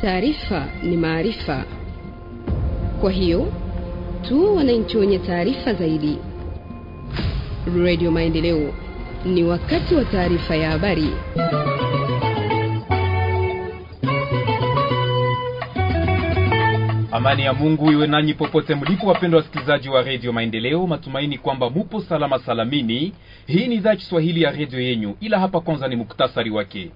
Taarifa ni maarifa, kwa hiyo tu wananchi wenye taarifa zaidi. Radio Maendeleo, ni wakati wa taarifa ya habari. Amani ya Mungu iwe nanyi popote mlipo, wapendwa wasikilizaji wa redio Maendeleo. Matumaini kwamba mupo salama salamini. Hii ni idhaa Kiswahili ya redio yenyu, ila hapa kwanza ni muktasari wake.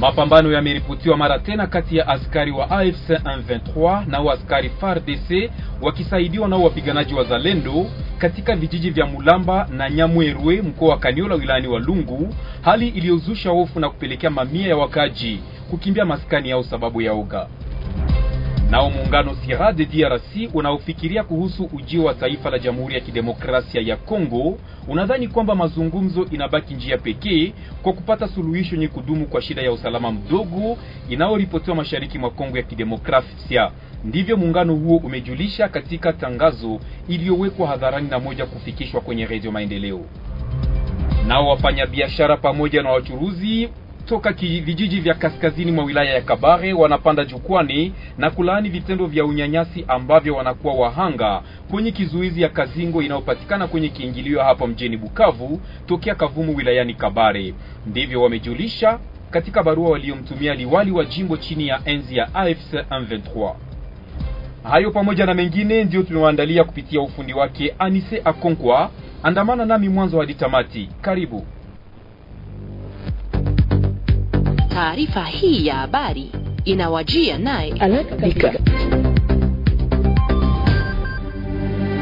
Mapambano yameripotiwa mara tena kati ya askari wa AFC M23 na askari FARDC wakisaidiwa na wapiganaji wa Zalendo katika vijiji vya Mulamba na Nyamwerwe mkoa wa Kaniola wilayani Walungu, hali iliyozusha hofu na kupelekea mamia ya wakaji kukimbia maskani yao sababu ya oga. Nao muungano Sira de DRC unaofikiria kuhusu ujio wa taifa la Jamhuri ya Kidemokrasia ya Kongo unadhani kwamba mazungumzo inabaki njia pekee kwa kupata suluhisho yenye kudumu kwa shida ya usalama mdogo inayoripotiwa mashariki mwa Kongo ya Kidemokrasia. Ndivyo muungano huo umejulisha katika tangazo iliyowekwa hadharani na moja kufikishwa kwenye Redio Maendeleo. Nao wafanyabiashara pamoja na wachuruzi toka vijiji vya kaskazini mwa wilaya ya Kabare wanapanda jukwani na kulaani vitendo vya unyanyasi ambavyo wanakuwa wahanga kwenye kizuizi ya Kazingo inayopatikana kwenye kiingilio hapa mjini Bukavu tokea Kavumu wilayani Kabare. Ndivyo wamejulisha katika barua waliyomtumia liwali wa jimbo chini ya enzi ya AFC M23. Hayo pamoja na mengine ndiyo tumewaandalia kupitia ufundi wake Anise Akonkwa. Andamana nami mwanzo hadi tamati. Karibu. Taarifa hii ya habari inawajia naye Alakabika.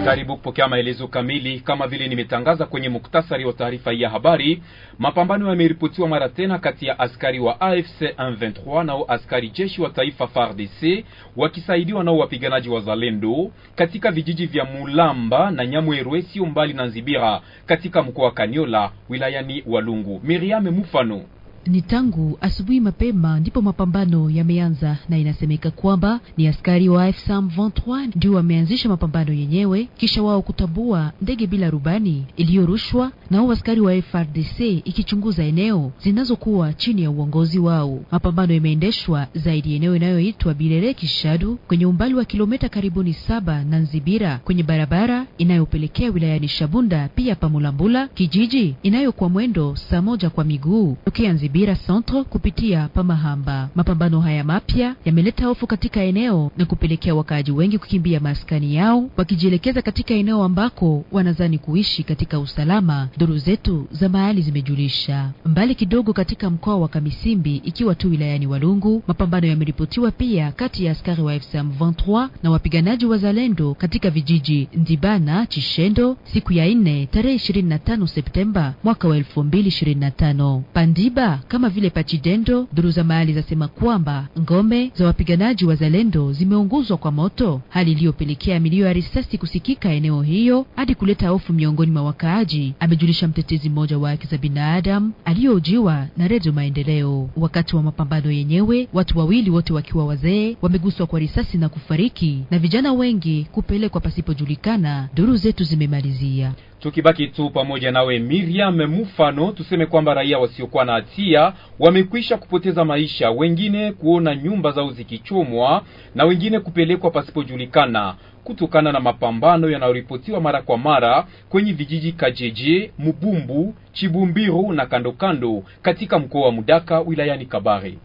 Karibu kupokea maelezo kamili. Kama vile nimetangaza kwenye muktasari wa taarifa hii ya habari, mapambano yameripotiwa mara tena kati ya askari wa AFC 23 nao askari jeshi wa taifa FARDC wakisaidiwa nao wapiganaji wa Zalendo katika vijiji vya Mulamba na Nyamwero sio mbali na Nzibira katika mkoa wa Kaniola wilayani Walungu. miriame Mufano ni tangu asubuhi mapema ndipo mapambano yameanza, na inasemeka kwamba ni askari wa AFSM 23 ndio wameanzisha mapambano yenyewe kisha wao kutambua ndege bila rubani iliyorushwa nao askari wa FRDC ikichunguza eneo zinazokuwa chini ya uongozi wao. Mapambano yameendeshwa zaidi eneo inayoitwa Birere Kishadu kwenye umbali wa kilometa karibuni saba na Nzibira kwenye barabara inayopelekea wilayani Shabunda pia Pamulambula kijiji inayokuwa mwendo saa moja kwa miguu tokea Nzibira Kibira Centre kupitia Pamahamba. Mapambano haya mapya yameleta hofu katika eneo na kupelekea wakaaji wengi kukimbia maskani yao wakijielekeza katika eneo ambako wanazani kuishi katika usalama. Duru zetu za mahali zimejulisha. Mbali kidogo katika mkoa wa Kamisimbi, ikiwa tu wilayani Walungu, mapambano yameripotiwa pia kati ya askari wa FSM 23 na wapiganaji wa Zalendo katika vijiji Ndibana, Chishendo siku ya 4 tarehe 25 Septemba mwaka wa 2025. Pandiba kama vile Pachidendo. Duru za mahali zasema kwamba ngome za wapiganaji wa zalendo zimeunguzwa kwa moto, hali iliyopelekea milio ya risasi kusikika eneo hiyo hadi kuleta hofu miongoni mwa wakaaji, amejulisha mtetezi mmoja wa haki za binadamu aliyohojiwa na Redio Maendeleo. Wakati wa mapambano yenyewe, watu wawili wote wakiwa wazee wameguswa kwa risasi na kufariki na vijana wengi kupelekwa pasipojulikana, duru zetu zimemalizia. Tukibaki tu pamoja nawe Miriam Mufano, tuseme kwamba raia wasiokuwa na hatia wamekwisha kupoteza maisha, wengine kuona nyumba zao zikichomwa na wengine kupelekwa pasipojulikana kutokana na mapambano yanayoripotiwa mara kwa mara kwenye vijiji Kajeje, Mubumbu, Chibumbiru na kandokando katika mkoa wa Mudaka wilayani Kabare.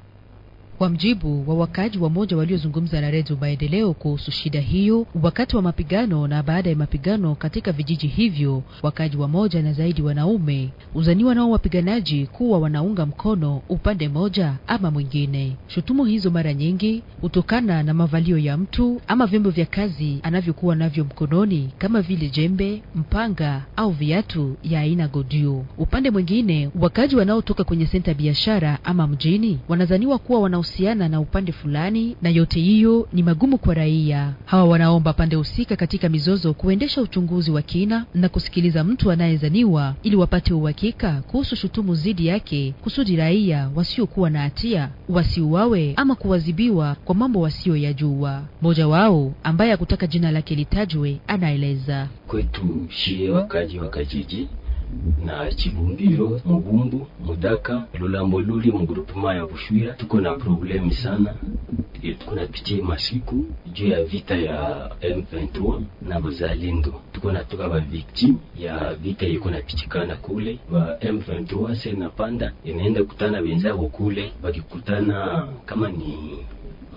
Kwa mjibu wa wakaaji wamoja waliozungumza na Redio Maendeleo kuhusu shida hiyo wakati wa mapigano na baada ya mapigano katika vijiji hivyo, wakaaji wamoja na zaidi wanaume uzaniwa nao wapiganaji kuwa wanaunga mkono upande moja ama mwingine. Shutumu hizo mara nyingi hutokana na mavalio ya mtu ama vyombo vya kazi anavyokuwa navyo mkononi kama vile jembe, mpanga au viatu ya aina godio. Upande mwingine, wakaaji wanaotoka kwenye senta biashara ama mjini wanazaniwa kuwa wana kuhusiana na upande fulani, na yote hiyo ni magumu kwa raia. Hawa wanaomba pande husika katika mizozo kuendesha uchunguzi wa kina na kusikiliza mtu anayezaniwa ili wapate uhakika kuhusu shutumu dhidi yake, kusudi raia wasiokuwa na hatia wasiuawe ama kuwazibiwa kwa mambo wasiyoyajua. Mmoja wao ambaye hakutaka jina lake litajwe anaeleza: kwetu shie wakaji wa Kajiji na Chibundiro, Mubumbu, Mudaka, Lulambo Luli mugrupema ya Bushwira tuko na problemi sana ile tuko napitia masiku juu ya vita ya M23 na bazalendo. Tuko natoka ba victim ya vita iko napitikana kule ba M23 sasa panda inaenda kutana wenzao kule, bakikutana kama ni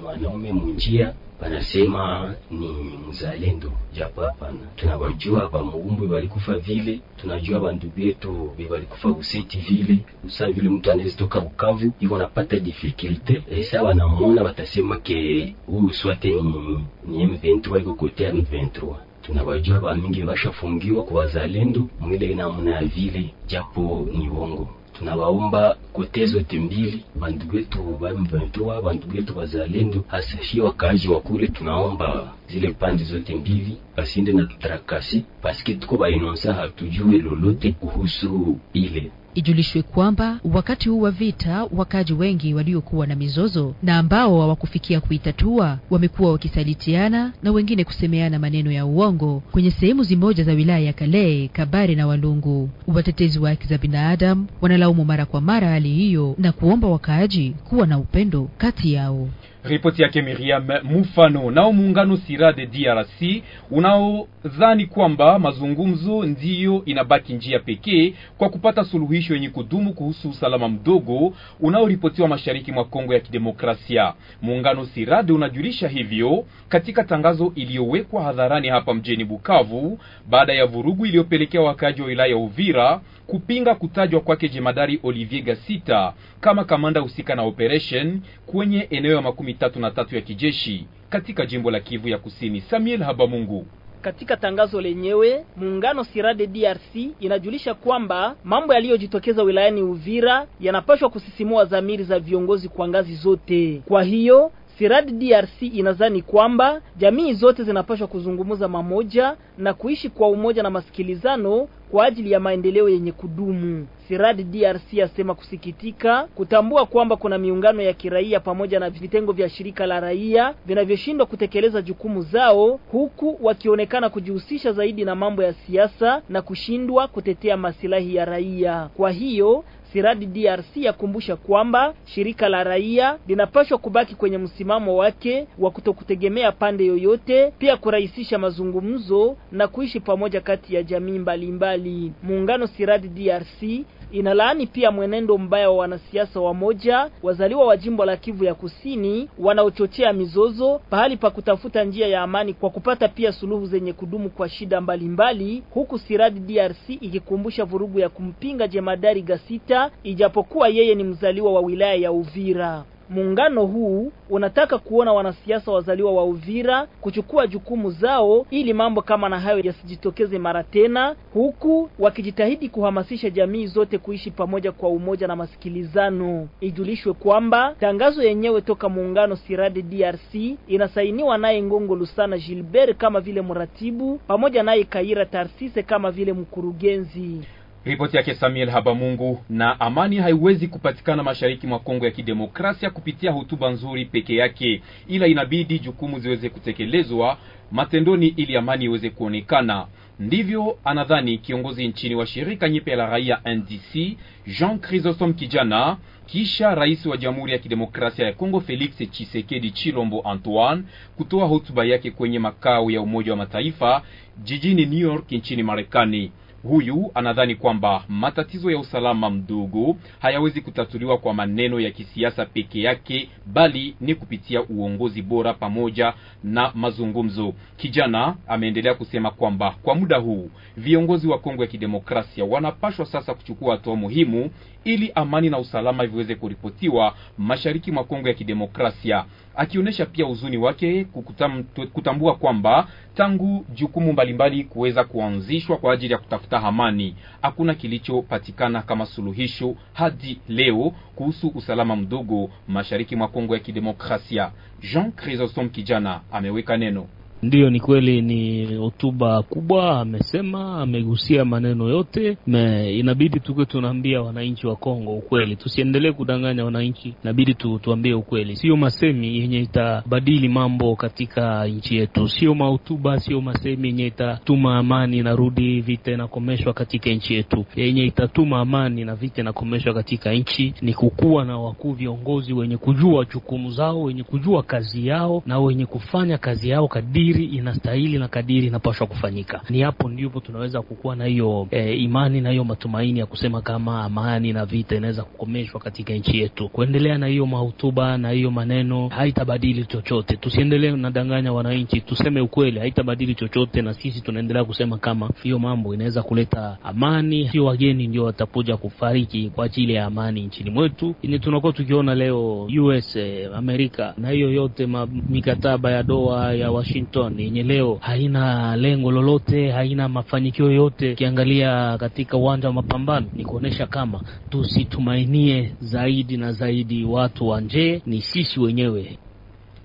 wanaume munjia banasema ni mzalendo, japo hapana, tunawajua bamuumbwe balikufa vile, tunajua bandu bietu bebalikufa useti vile usa vile, mtu anawezitoka Bukavu iko napata difikilte esa, wanamona batasema ke huyu swate ni, M23 iko kotea M23 tunawajua bamingi bashafungiwa kwa wazalendo mwile namna ya vile, japo ni wongo tunawaomba kote zote mbili, bandu betu ba M23 bandugu wetu bazalendo, hasa shi wakaaji wa kule, tunaomba zile pande zote mbili basinde na tutakasi paske tuko bainonsa hatujue lolote kuhusu ile Ijulishwe kwamba wakati huu wa vita, wakaji wengi waliokuwa na mizozo na ambao hawakufikia kuitatua wamekuwa wakisalitiana na wengine kusemeana maneno ya uongo kwenye sehemu zimoja za wilaya ya Kale, Kabare na Walungu. Watetezi wa haki za binadamu wanalaumu mara kwa mara hali hiyo na kuomba wakaaji kuwa na upendo kati yao. Ripoti yake Miriam Mufano. Nao muungano Sirade DRC unaodhani kwamba mazungumzo ndiyo inabaki njia pekee kwa kupata suluhisho yenye kudumu kuhusu usalama mdogo unaoripotiwa mashariki mwa Kongo ya Kidemokrasia. Muungano Sirade unajulisha hivyo katika tangazo iliyowekwa hadharani hapa mjini Bukavu baada ya vurugu iliyopelekea wakaaji wa wilaya ya Uvira kupinga kutajwa kwake jemadari Olivier Gasita kama kamanda husika na operation kwenye eneo ya makumi tatu na tatu ya kijeshi katika jimbo la Kivu ya Kusini. Samuel Habamungu katika tangazo lenyewe muungano Sirade DRC inajulisha kwamba mambo yaliyojitokeza wilayani Uvira yanapaswa kusisimua dhamiri za viongozi kwa ngazi zote. Kwa hiyo Sirad DRC inazani kwamba jamii zote zinapaswa kuzungumza mamoja na kuishi kwa umoja na masikilizano kwa ajili ya maendeleo yenye kudumu. Sirad DRC asema kusikitika kutambua kwamba kuna miungano ya kiraia pamoja na vitengo vya shirika la raia vinavyoshindwa kutekeleza jukumu zao, huku wakionekana kujihusisha zaidi na mambo ya siasa na kushindwa kutetea masilahi ya raia. Kwa hiyo Siradi DRC yakumbusha kwamba shirika la raia linapaswa kubaki kwenye msimamo wake wa kutokutegemea pande yoyote, pia kurahisisha mazungumzo na kuishi pamoja kati ya jamii mbalimbali. Muungano Siradi DRC inalaani pia mwenendo mbaya wa wanasiasa wamoja wazaliwa wa jimbo la Kivu ya Kusini wanaochochea mizozo pahali pa kutafuta njia ya amani kwa kupata pia suluhu zenye kudumu kwa shida mbalimbali mbali, huku Siradi DRC ikikumbusha vurugu ya kumpinga jemadari Gasita ijapokuwa yeye ni mzaliwa wa wilaya ya Uvira. Muungano huu unataka kuona wanasiasa wazaliwa wa Uvira kuchukua jukumu zao ili mambo kama na hayo yasijitokeze mara tena, huku wakijitahidi kuhamasisha jamii zote kuishi pamoja kwa umoja na masikilizano. Ijulishwe kwamba tangazo yenyewe toka muungano Sirade DRC inasainiwa naye Ngongo Lusana Gilbert kama vile mratibu pamoja naye Kaira Tarsise kama vile mkurugenzi. Ripoti yake Samuel Habamungu. Na amani haiwezi kupatikana mashariki mwa Kongo ya Kidemokrasia kupitia hotuba nzuri peke yake, ila inabidi jukumu ziweze kutekelezwa matendoni ili amani iweze kuonekana. Ndivyo anadhani kiongozi nchini wa shirika nyipe la raia NDC Jean Chrysostom Kijana, kisha rais wa Jamhuri ya Kidemokrasia ya Kongo Felix Tshisekedi Chilombo Antoine kutoa hotuba yake kwenye makao ya Umoja wa Mataifa jijini New York nchini Marekani. Huyu anadhani kwamba matatizo ya usalama mdogo hayawezi kutatuliwa kwa maneno ya kisiasa peke yake, bali ni kupitia uongozi bora pamoja na mazungumzo. Kijana ameendelea kusema kwamba kwa muda huu viongozi wa Kongo ya Kidemokrasia wanapashwa sasa kuchukua hatua muhimu ili amani na usalama viweze kuripotiwa mashariki mwa Kongo ya Kidemokrasia, akionyesha pia huzuni wake kukutam, kutambua kwamba tangu jukumu mbalimbali kuweza kuanzishwa kwa ajili ya kutafuta kutafuta amani. Hakuna kilichopatikana kama suluhisho hadi leo kuhusu usalama mdogo mashariki mwa Kongo ya Kidemokrasia. Jean Chrysostome Kijana ameweka neno Ndiyo, ni kweli, ni hotuba kubwa amesema, amegusia maneno yote me, inabidi tuke tunaambia wananchi wa Kongo ukweli, tusiendelee kudanganya wananchi, inabidi tu, tuambie ukweli, sio masemi yenye itabadili mambo katika nchi yetu, sio mahotuba, sio masemi yenye itatuma amani narudi vita inakomeshwa katika nchi yetu. Yenye itatuma amani na vita inakomeshwa katika nchi ni kukuwa na wakuu viongozi wenye kujua jukumu zao, wenye kujua kazi yao na wenye kufanya kazi yao kadiri kadiri inastahili na kadiri inapaswa kufanyika. Ni hapo ndipo tunaweza kukuwa na hiyo e, imani na hiyo matumaini ya kusema kama amani na vita inaweza kukomeshwa katika nchi yetu. Kuendelea na hiyo mahutuba na hiyo maneno haitabadili chochote. Tusiendelee nadanganya wananchi, tuseme ukweli, haitabadili chochote, na sisi tunaendelea kusema kama hiyo mambo inaweza kuleta amani. Sio wageni ndio watakuja kufariki kwa ajili ya amani nchini mwetu, ni tunakuwa tukiona leo US eh, Amerika na hiyo yote ma, mikataba ya Doha ya Washington Washington yenye leo haina lengo lolote, haina mafanikio yoyote. Ukiangalia katika uwanja wa mapambano, ni kuonyesha kama tusitumainie zaidi na zaidi watu wa nje, ni sisi wenyewe.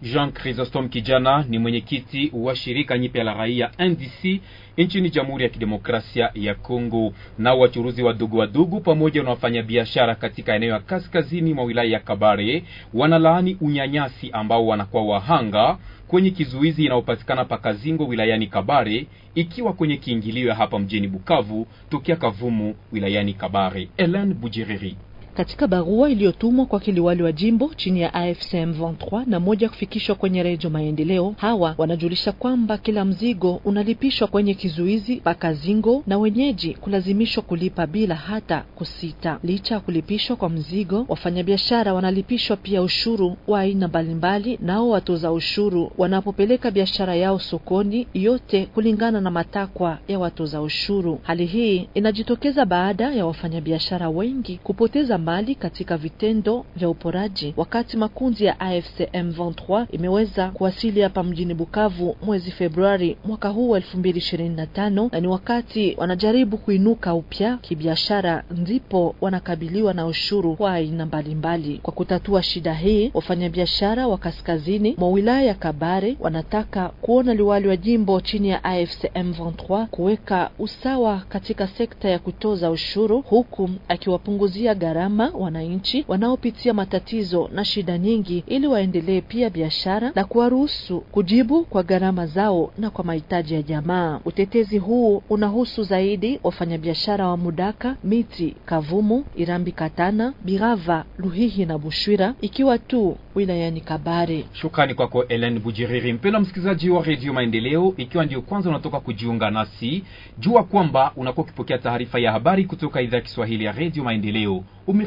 Jean Chrysostom Kijana ni mwenyekiti wa shirika nyipya la raia NDC nchini Jamhuri ya Kidemokrasia ya Kongo. Nao wachuruzi wadogo wadogo pamoja na wafanyabiashara katika eneo ya kaskazini mwa wilaya ya Kabare wanalaani unyanyasi ambao wanakuwa wahanga kwenye kizuizi inayopatikana pa Kazingo wilayani Kabare, ikiwa kwenye kiingilio hapa mjini Bukavu tokea Kavumu wilayani Kabare. Ellen Bujiriri katika barua iliyotumwa kwa kiliwali wa jimbo chini ya AFCM 23 na moja kufikishwa kwenye Redio Maendeleo, hawa wanajulisha kwamba kila mzigo unalipishwa kwenye kizuizi zingo na wenyeji kulazimishwa kulipa bila hata kusita. Licha ya kulipishwa kwa mzigo, wafanyabiashara wanalipishwa pia ushuru wa aina mbalimbali, nao watoza ushuru wanapopeleka biashara yao sokoni, yote kulingana na matakwa ya watoza ushuru. Hali hii inajitokeza baada ya wafanyabiashara wengi kupoteza mbali katika vitendo vya uporaji, wakati makundi ya AFC M23 imeweza kuwasili hapa mjini Bukavu mwezi Februari mwaka huu elfu mbili na ni wakati wanajaribu kuinuka upya kibiashara, ndipo wanakabiliwa na ushuru kwa aina mbalimbali. Kwa kutatua shida hii, wafanyabiashara wa kaskazini mwa wilaya ya Kabare wanataka kuona liwali wa jimbo chini ya AFC M23 kuweka usawa katika sekta ya kutoza ushuru, huku akiwapunguzia gharama kama wananchi wanaopitia matatizo na shida nyingi, ili waendelee pia biashara na kuwaruhusu kujibu kwa gharama zao na kwa mahitaji ya jamaa. Utetezi huu unahusu zaidi wafanyabiashara wa Mudaka, Miti, Kavumu, Irambi, Katana, Birava, Luhihi na Bushwira, ikiwa tu wilayani Kabare. Shukrani kwako Ellen Bujiriri. Mpendwa msikilizaji wa Redio Maendeleo, ikiwa ndio kwanza unatoka kujiunga nasi, jua kwamba unakuwa ukipokea taarifa ya habari kutoka idhaa ya Kiswahili ya Redio Maendeleo Umi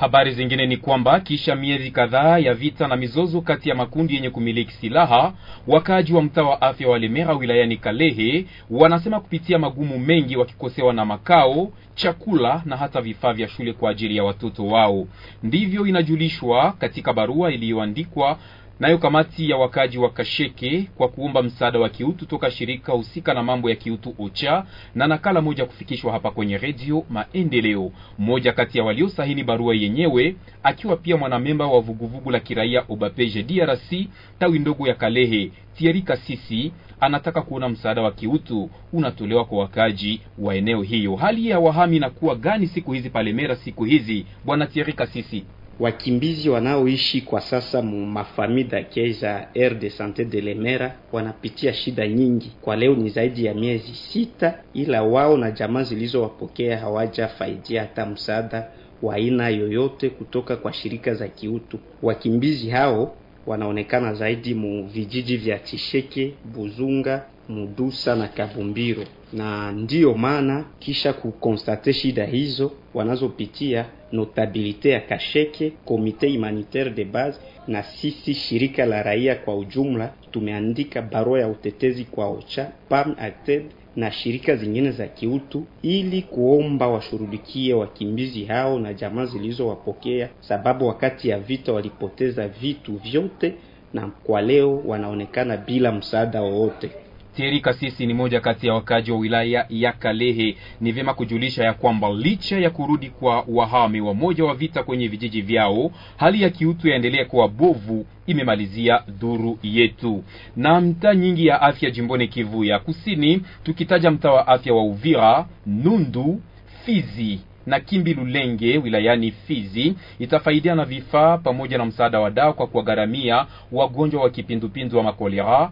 Habari zingine ni kwamba kisha miezi kadhaa ya vita na mizozo kati ya makundi yenye kumiliki silaha, wakaaji wa mtaa wa afya wa Lemera wilayani Kalehe wanasema kupitia magumu mengi, wakikosewa na makao, chakula na hata vifaa vya shule kwa ajili ya watoto wao. Ndivyo inajulishwa katika barua iliyoandikwa Nayo kamati ya wakaji wa Kasheke kwa kuomba msaada wa kiutu toka shirika husika na mambo ya kiutu OCHA, na nakala moja kufikishwa hapa kwenye redio Maendeleo. Mmoja kati ya waliosahini barua yenyewe akiwa pia mwanamemba wa vuguvugu la kiraia Obapeje DRC tawi ndogo ya Kalehe, Thierry Kasisi anataka kuona msaada wa kiutu unatolewa kwa wakaji wa eneo hiyo. Hali ya wahami inakuwa gani siku hizi Palemera, siku hizi bwana Thierry Kasisi? wakimbizi wanaoishi kwa sasa mu mafamida dake za r de sante de Lemera wanapitia shida nyingi. Kwa leo ni zaidi ya miezi sita, ila wao na jamaa zilizowapokea hawajafaidia hata msaada wa aina yoyote kutoka kwa shirika za kiutu. Wakimbizi hao wanaonekana zaidi mu vijiji vya Chisheke, Buzunga Mudusa na kabumbiro na ndiyo maana kisha kukonstate shida hizo wanazopitia notabilite ya Kasheke, komite humanitaire de base na sisi shirika la raia kwa ujumla, tumeandika barua ya utetezi kwa OCHA, PAM, ACTED na shirika zingine za kiutu ili kuomba washurudikie wakimbizi hao na jamaa zilizowapokea, sababu wakati ya vita walipoteza vitu vyote na kwa leo wanaonekana bila msaada wowote. Teri Kasisi ni moja kati ya wakaji wa wilaya ya Kalehe. Ni vyema kujulisha ya kwamba licha ya kurudi kwa wahami moja wa vita kwenye vijiji vyao, hali ya kiutu yaendelea kuwa bovu, imemalizia dhuru yetu na mtaa nyingi ya afya jimboni Kivu ya Kusini, tukitaja mtaa wa afya wa Uvira, Nundu, Fizi na Kimbi Lulenge wilayani Fizi itafaidia na vifaa pamoja na msaada wa dawa kwa kuwagharamia wagonjwa wa kipindupindu wa makolera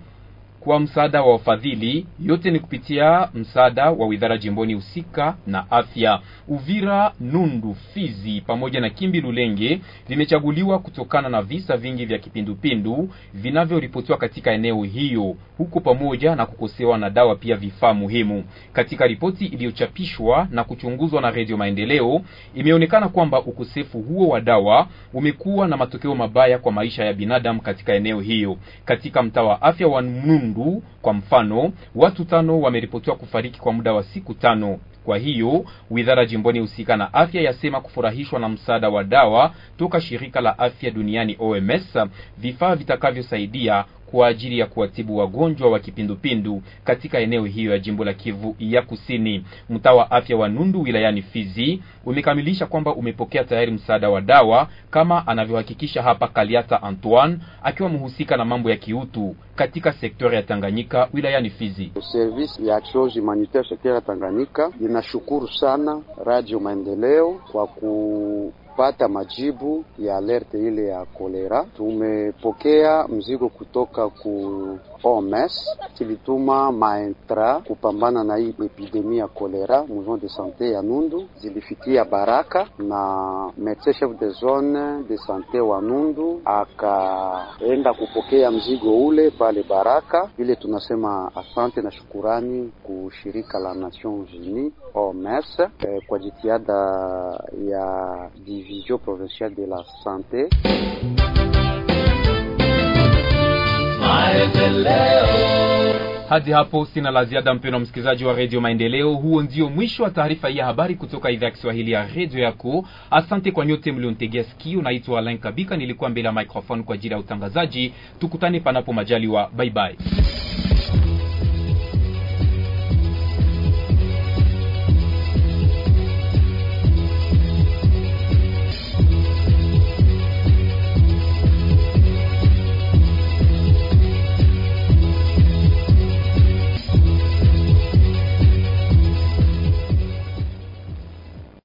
kwa msaada wa wafadhili. Yote ni kupitia msaada wa wizara jimboni husika na afya. Uvira, Nundu, Fizi pamoja na Kimbi Lulenge vimechaguliwa kutokana na visa vingi vya kipindupindu vinavyoripotiwa katika eneo hiyo, huko pamoja na kukosewa na dawa pia vifaa muhimu. Katika ripoti iliyochapishwa na kuchunguzwa na Redio Maendeleo, imeonekana kwamba ukosefu huo wa dawa umekuwa na matokeo mabaya kwa maisha ya binadamu katika eneo hiyo. Katika mtaa wa afya wa Nundu Kindu kwa mfano, watu tano wameripotiwa kufariki kwa muda wa siku tano. Kwa hiyo wizara jimboni husika na afya yasema kufurahishwa na msaada wa dawa toka shirika la afya duniani OMS, vifaa vitakavyosaidia kwa ajili ya kuwatibu wagonjwa wa kipindupindu katika eneo hiyo ya jimbo la Kivu ya Kusini. Mtaa wa afya wa Nundu wilayani Fizi umekamilisha kwamba umepokea tayari msaada wa dawa, kama anavyohakikisha hapa Kaliata Antoine, akiwa mhusika na mambo ya kiutu katika sektori ya Tanganyika wilayani Fizi. Service ya action humanitaire sektori ya Tanganyika inashukuru sana Radio Maendeleo kwa ku pata majibu ya alerte ile ya kolera. Tumepokea mzigo kutoka ku OMS kilituma maentra kupambana na hii epidemia ya kolera. Mouvement de sante ya Nundu zilifikia Baraka na medecin chef de zone de sante wa Nundu akaenda kupokea mzigo ule pale Baraka. ile tunasema asante na shukurani kushirika la Nations Unies OMS eh, kwa jitihada ya division provinciale de la sante hadi hapo sina la ziada, mpendwa msikilizaji wa redio Maendeleo. Huo ndio mwisho wa taarifa hii ya habari kutoka idhaa ya Kiswahili ya redio yako. Asante kwa nyote mlionitegea sikio. Naitwa Alain Kabika, nilikuwa mbele ya microphone kwa ajili ya utangazaji. Tukutane panapo majaliwa, baibai.